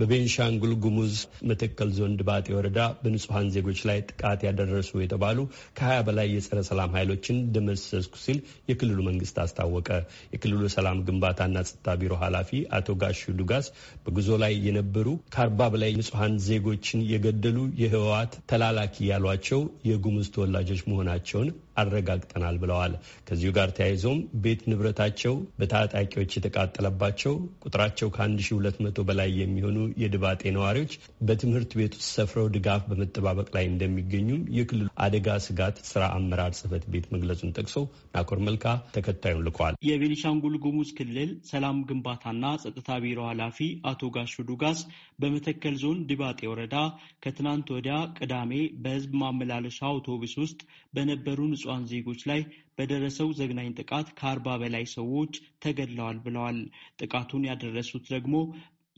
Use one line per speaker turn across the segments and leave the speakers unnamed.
በቤንሻንጉል ጉሙዝ መተከል ዞን ድባጤ ወረዳ በንጹሐን ዜጎች ላይ ጥቃት ያደረሱ የተባሉ ከ ከ20 በላይ የጸረ ሰላም ኃይሎችን ደመሰስኩ ሲል የክልሉ መንግስት አስታወቀ። የክልሉ ሰላም ግንባታና ጸጥታ ቢሮ ኃላፊ አቶ ጋሹ ዱጋስ በጉዞ ላይ የነበሩ ከ ከ40 በላይ ንጹሐን ዜጎችን የገደሉ የህወሓት ተላላኪ ያሏቸው የጉሙዝ ተወላጆች መሆናቸውን አረጋግጠናል ብለዋል። ከዚሁ ጋር ተያይዞም ቤት ንብረታቸው በታጣቂዎች የተቃጠለባቸው ቁጥራቸው ከ1200 በላይ የሚሆኑ የድባጤ ነዋሪዎች በትምህርት ቤት ውስጥ ሰፍረው ድጋፍ በመጠባበቅ ላይ እንደሚገኙም የክልሉ አደጋ ስጋት ስራ አመራር ጽህፈት ቤት መግለጹን ጠቅሶ ናኮር መልካ ተከታዩን ልከዋል።
የቤኒሻንጉል ጉሙዝ ክልል ሰላም ግንባታና ጸጥታ ቢሮ ኃላፊ አቶ ጋሹ ዱጋስ በመተከል ዞን ድባጤ ወረዳ ከትናንት ወዲያ ቅዳሜ በህዝብ ማመላለሻ አውቶቡስ ውስጥ በነበሩ ንጹሐን ዜጎች ላይ በደረሰው ዘግናኝ ጥቃት ከአርባ በላይ ሰዎች ተገድለዋል ብለዋል። ጥቃቱን ያደረሱት ደግሞ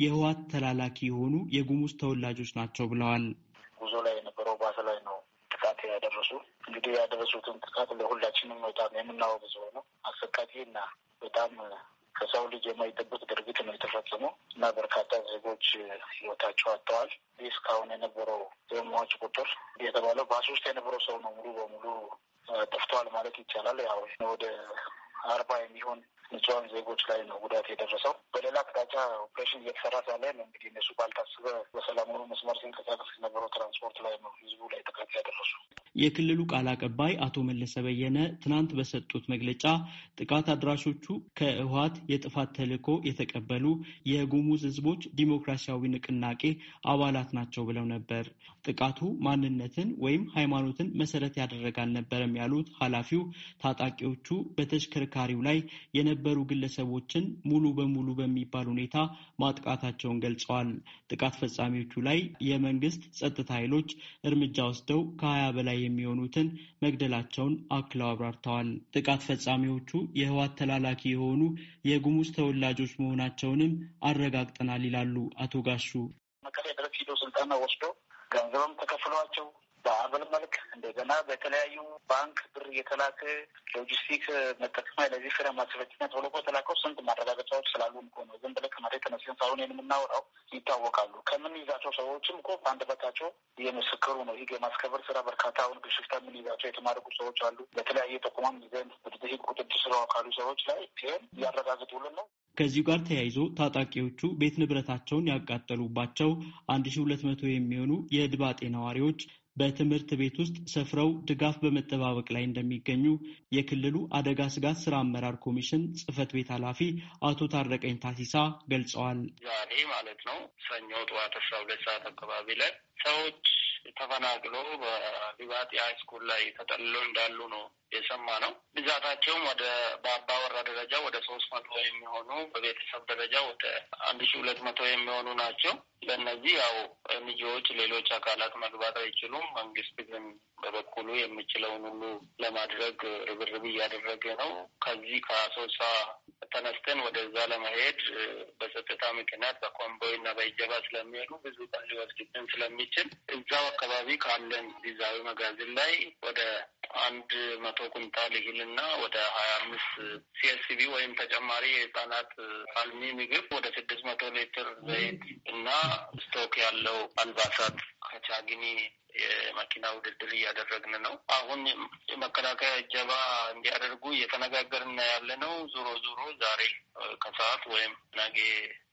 የህወሓት ተላላኪ የሆኑ የጉሙዝ ተወላጆች ናቸው ብለዋል። ጉዞ ላይ የነበረው
ባስ ላይ ነው ጥቃት ያደረሱ። እንግዲህ ያደረሱትን ጥቃት ለሁላችንም በጣም የምናወግዝ ነው። አሰቃቂ እና በጣም ከሰው ልጅ የማይጠበቅ ድርጊት ነው የተፈጸመው እና በርካታ ዜጎች ህይወታቸው አጥተዋል። ይህ እስካሁን የነበረው የሟች ቁጥር የተባለው ባስ ውስጥ የነበረው ሰው ነው ሙሉ በሙሉ ጠፍተዋል ማለት ይቻላል። ያው ወደ አርባ የሚሆን ንጹሃን ዜጎች ላይ ነው ጉዳት የደረሰው። በሌላ አቅጣጫ ኦፕሬሽን እየተሰራ ሳለ ነው እንግዲህ እነሱ ባልታስበ በሰላሙኑ መስመር ሲንቀሳቀስ የነበረው ትራንስፖርት ላይ ነው ህዝቡ ላይ ጥቃት ያደረሱ።
የክልሉ ቃል አቀባይ አቶ መለሰ በየነ ትናንት በሰጡት መግለጫ ጥቃት አድራሾቹ ከህወሀት የጥፋት ተልዕኮ የተቀበሉ የጉሙዝ ህዝቦች ዲሞክራሲያዊ ንቅናቄ አባላት ናቸው ብለው ነበር። ጥቃቱ ማንነትን ወይም ሃይማኖትን መሰረት ያደረገ አልነበረም ያሉት ኃላፊው ታጣቂዎቹ በተሽከርካሪው ላይ የነበ የነበሩ ግለሰቦችን ሙሉ በሙሉ በሚባል ሁኔታ ማጥቃታቸውን ገልጸዋል። ጥቃት ፈጻሚዎቹ ላይ የመንግስት ጸጥታ ኃይሎች እርምጃ ወስደው ከሀያ በላይ የሚሆኑትን መግደላቸውን አክለው አብራርተዋል። ጥቃት ፈጻሚዎቹ የህዋት ተላላኪ የሆኑ የጉሙዝ ተወላጆች መሆናቸውንም አረጋግጠናል ይላሉ አቶ ጋሹ
መቀሌ ድረስ ሂዶ ስልጠና ወስዶ ገንዘብም ተከፍሏቸው በአበል መልክ እንደገና በተለያዩ ባንክ ብር እየተላከ ሎጂስቲክ መጠቀሚያ ለዚህ ፍረ ማስፈጸሚያ ተብሎ የተላከው ስንት ማረጋገጫዎች ስላሉ እኮ ነው። ዝም ብለህ ከመሬት ተነስተን ሳይሆን የምናወራው ይታወቃሉ። ከምንይዛቸው ሰዎችም እኮ በአንድ በታቸው እየመሰከሩ ነው። ህግ የማስከበር ስራ በርካታ አሁን ግሽፍታ የምንይዛቸው የተማረቁ ሰዎች አሉ። በተለያየ ተቋም ይዘን ህግ ቁጥጥር ስራው ካሉ ሰዎች ላይ ይህን
እያረጋግጡልን ነው። ከዚሁ ጋር ተያይዞ ታጣቂዎቹ ቤት ንብረታቸውን ያቃጠሉባቸው 1200 የሚሆኑ የድባጤ ነዋሪዎች በትምህርት ቤት ውስጥ ሰፍረው ድጋፍ በመጠባበቅ ላይ እንደሚገኙ የክልሉ አደጋ ስጋት ስራ አመራር ኮሚሽን ጽህፈት ቤት ኃላፊ አቶ ታረቀኝ ታሲሳ ገልጸዋል።
ዛሬ ማለት ነው ሰኞ ጠዋት አስራ ሁለት ሰዓት አካባቢ ላይ ሰዎች ተፈናቅሎ በዲባጢ ሃይስኩል ላይ ተጠልሎ እንዳሉ ነው የሰማ ነው። ብዛታቸውም ወደ በአባወራ ደረጃ ወደ ሶስት መቶ የሚሆኑ በቤተሰብ ደረጃ ወደ አንድ ሺ ሁለት መቶ የሚሆኑ ናቸው። ለእነዚህ ያው ኤንጂኦዎች፣ ሌሎች አካላት መግባት አይችሉም። መንግስት ግን በበኩሉ የሚችለውን ሁሉ ለማድረግ ርብርብ እያደረገ ነው። ከዚህ ከአሶሳ ተነስተን ወደዛ ለመሄድ በጸጥታ ምክንያት በኮንቦይ እና በእጀባ ስለሚሄዱ ብዙ ቀን ሊወስድብን ስለሚችል እዛው አካባቢ ካለን ጊዜያዊ መጋዘን ላይ ወደ አንድ መቶ ኩንታል ይህልና ወደ ሀያ አምስት ሲኤስሲቪ ወይም ተጨማሪ የህጻናት አልሚ ምግብ ወደ ስድስት መቶ ሊትር ዘይት እና ስቶክ ያለው አልባሳት ከቻግኒ የመኪና ውድድር እያደረግን ነው። አሁን የመከላከያ እጀባ እንዲያደርጉ እየተነጋገርን ያለ ነው። ዞሮ ዞሮ ዛሬ ከሰዓት ወይም ነገ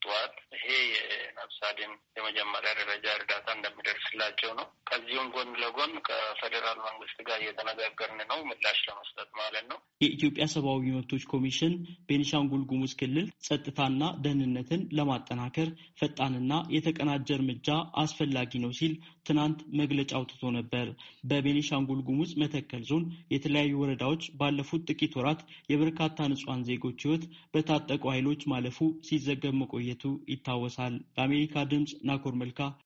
ጠዋት ይሄ የነፍስ አድን የመጀመሪያ ደረጃ እርዳታ እንደሚደርስላቸው ነው። ከዚሁም ጎን ለጎን ከፌዴራል መንግስት ጋር እየተነጋገርን
ነው ምላሽ ለመስጠት ማለት ነው። የኢትዮጵያ ሰብአዊ መብቶች ኮሚሽን ቤኒሻንጉል ጉሙዝ ክልል ጸጥታና ደህንነትን ለማጠናከር ፈጣንና የተቀናጀ እርምጃ አስፈላጊ ነው ሲል ትናንት መግለጫ አውጥቶ ነበር። በቤኒሻንጉል ጉሙዝ መተከል ዞን የተለያዩ ወረዳዎች ባለፉት ጥቂት ወራት የበርካታ ንጹሐን ዜጎች ህይወት በታ ታጠቁ ኃይሎች ማለፉ ሲዘገብ መቆየቱ ይታወሳል። ለአሜሪካ ድምፅ ናኮር መልካ